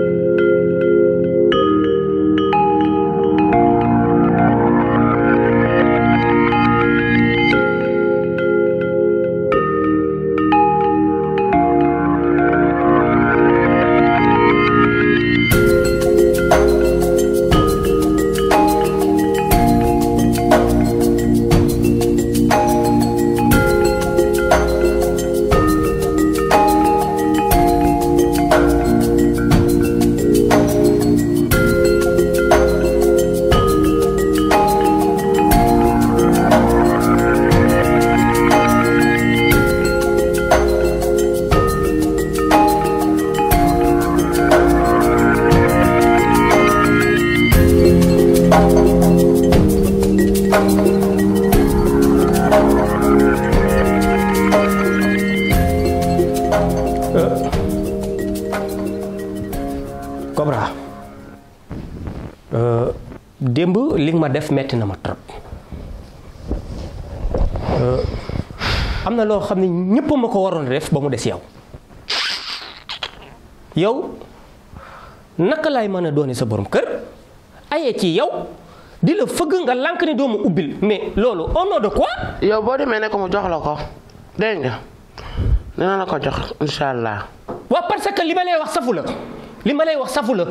Thank you. Euh, démb li ma def metti na ma trop euh, am na loo xam ne ñëpp ma ko waroon def ba mu des yow yow naka lay mën a doone sa borom kër aye ci yow di la fëgg nga lànk ni doomu ubbil mais loolu au de quoi. yow boo demee ne ko mu jox la ko dégg dina la ko jox incha allah. parce que li ma lay wax safu la li ma lay wax safu la.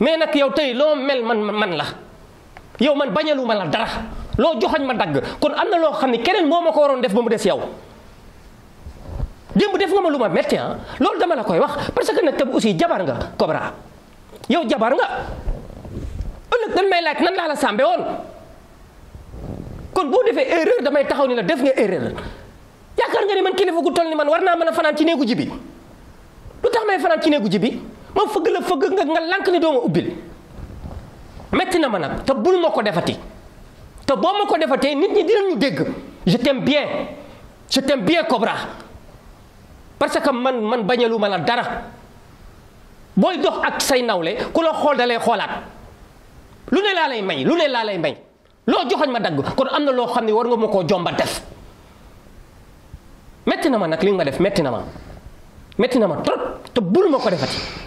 mais nag yow tey loo mel man man la yow man bañalu ma la dara loo joxañ ma dagg kon am na loo xam ne keneen moo ma ko waroon def ba mu des yow démb def nga ma lu ma metti ah loolu dama la koy wax parce que nag tam ussi jabar nga Cobra yow jabar nga ëllëg dañ may laaj nan laa la sàmbe woon kon boo defee erreur damay taxaw ni la def nga erreur yaakaar nga ni man kilifa gu toll ni man war naa man a fanaan ci néegu jibi lu tax may fanaan ci néegu jibi ma fëgg la fëgg nga nga lànk ni dooma ubbil metti na ma nag te bul ma ko defati te boo ma ko defatee nit ñi dinañu dégg je t'aime bien je bien Cobra parce que man man bañalu ma la dara booy dox ak say nawle ku la xool da xoolaat lu ne laa lay may lu ne laa lay may loo joxoñ ma dagg kon am na loo xam ne war nga ma koo jomba def metti na ma nag li nga ma def metti na ma metti na ma trop te bul ma ko defati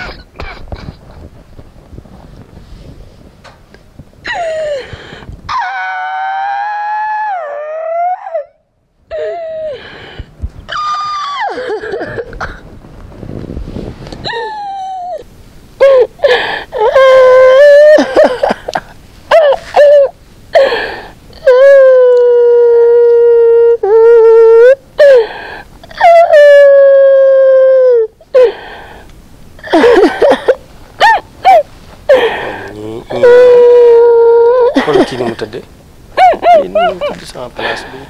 tëdd yéen ñu tëdd sama place bi.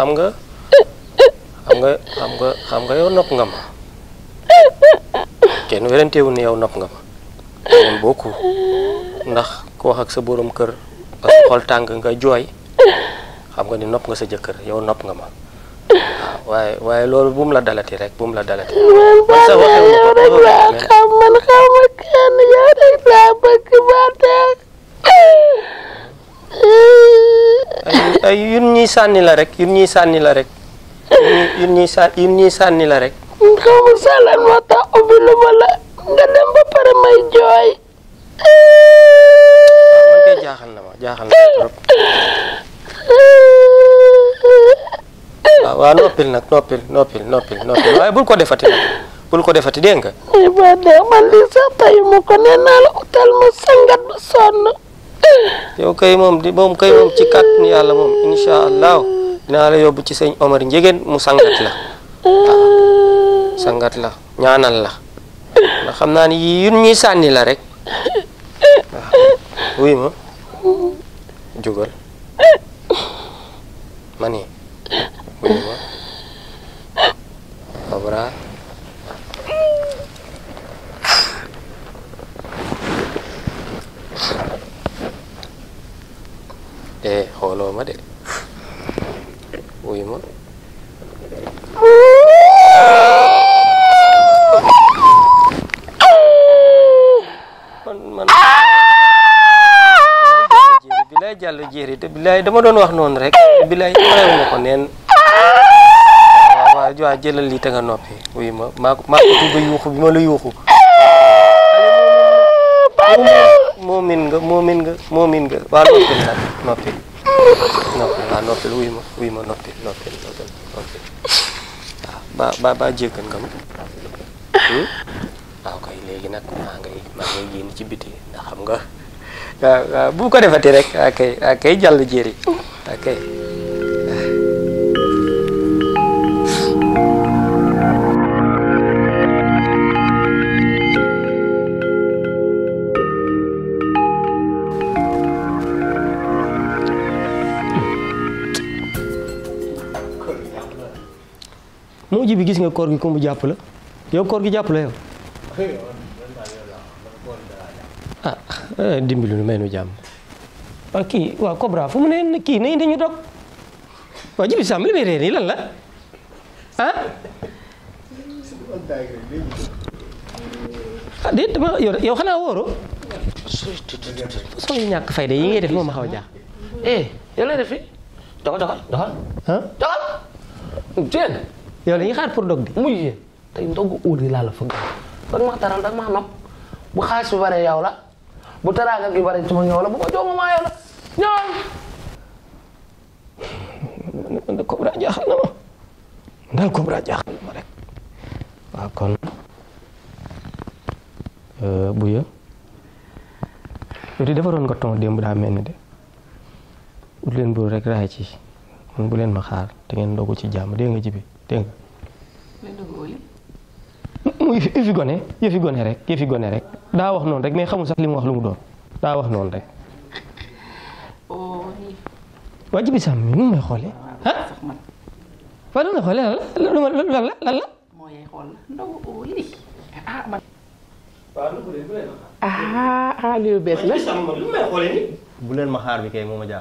xam nga xam nga xam nga yo nopp nga ma kenn werantewul ne yow nopp nga ma moom bokku ndax ku wax ak sa boroom kër parce que xol tàng nga jooy xam nga ni nopp nga sa jëkkër yow nopp nga ma waaw waaye loolu bu la dalati rek bu la dalati. man sa waxee yow rek laa xam man xaw ma kenn yow rek laa bëgg ba tey. ay ñuy sànni la rek yun ñuy sànni la rek yun ñuy yun ñuy sànni la rek. xaw ma sax lan ubbi lu ma la nga dem ba pare may jooy. man na ma jaaxal na ma trop. waaw waaw noppil ko defati nag bul ko defati dégg nga. ba dee man lii tayu ma ko nee naa la sangat bu sonn. yow kay moom di moom kay moom ci kàttanu yàlla moom incha allah dinaa la yóbbu ci sëñ Omar Njegen mu sangat la sangat la ñaanal la ndax xam naa ni yii yun ñuy sànni la rek waaw wuy ma jógal ma wuy ma Abra eh xooloo de bilaay jàllu jéeri te bilaay dama doon wax noonu rek bilaay rew ma ko neen waaw jëlal lii te nga noppi wuy ma maa ko maa ko yuuxu bi ma la yuuxu moomin nga moomin nga moomin ba ba nga ma hmm? ci biti xam nga bu ko defati rek ak jàll jéeri moo ji bi gis nga koor gi ko jàpp la yow koor gi jàpp la yow ah eh, dimbali nu may nu jàmm waaw kii waaw Cobra fu mu ne kii nañu dañu dog waaw Djiby Samb li may réer nii lan la ah ah déet yow xanaa wóoro soo ñàkk fayda yi ngay def moom ma xaw a jaax eh yow lay def fi doxal doxal doxal ah doxal yow la ñuy xaar pour dog bi mujj tey ndogu óor yi laa la fëgg danga maa taral danga maa nopp bu xaalis bi baree yow la bu taraaka gi baree ci ma bu ko jox ma maa yow la ñëwal. man de Cobra jaaxal na ma daal Cobra jaaxal na ma rek waaw kon euh, Buya yow di defaroon nga ton démb daa mel ni de ut leen buru rek raay ci man bu leen ma xaar te ngeen dogu ci jàmm dégg nga jibi dégg nga mu yëfi gone yëfi gone rek yëfi gone rek daa wax noonu rek mais xamul sax li mu wax lu mu doon daa wax noonu rek. Oh, waa ji bi sax mi mu may xoolee. Oh, ah waaw nu ah, ah, lu ma lu ma xaar bi kay moo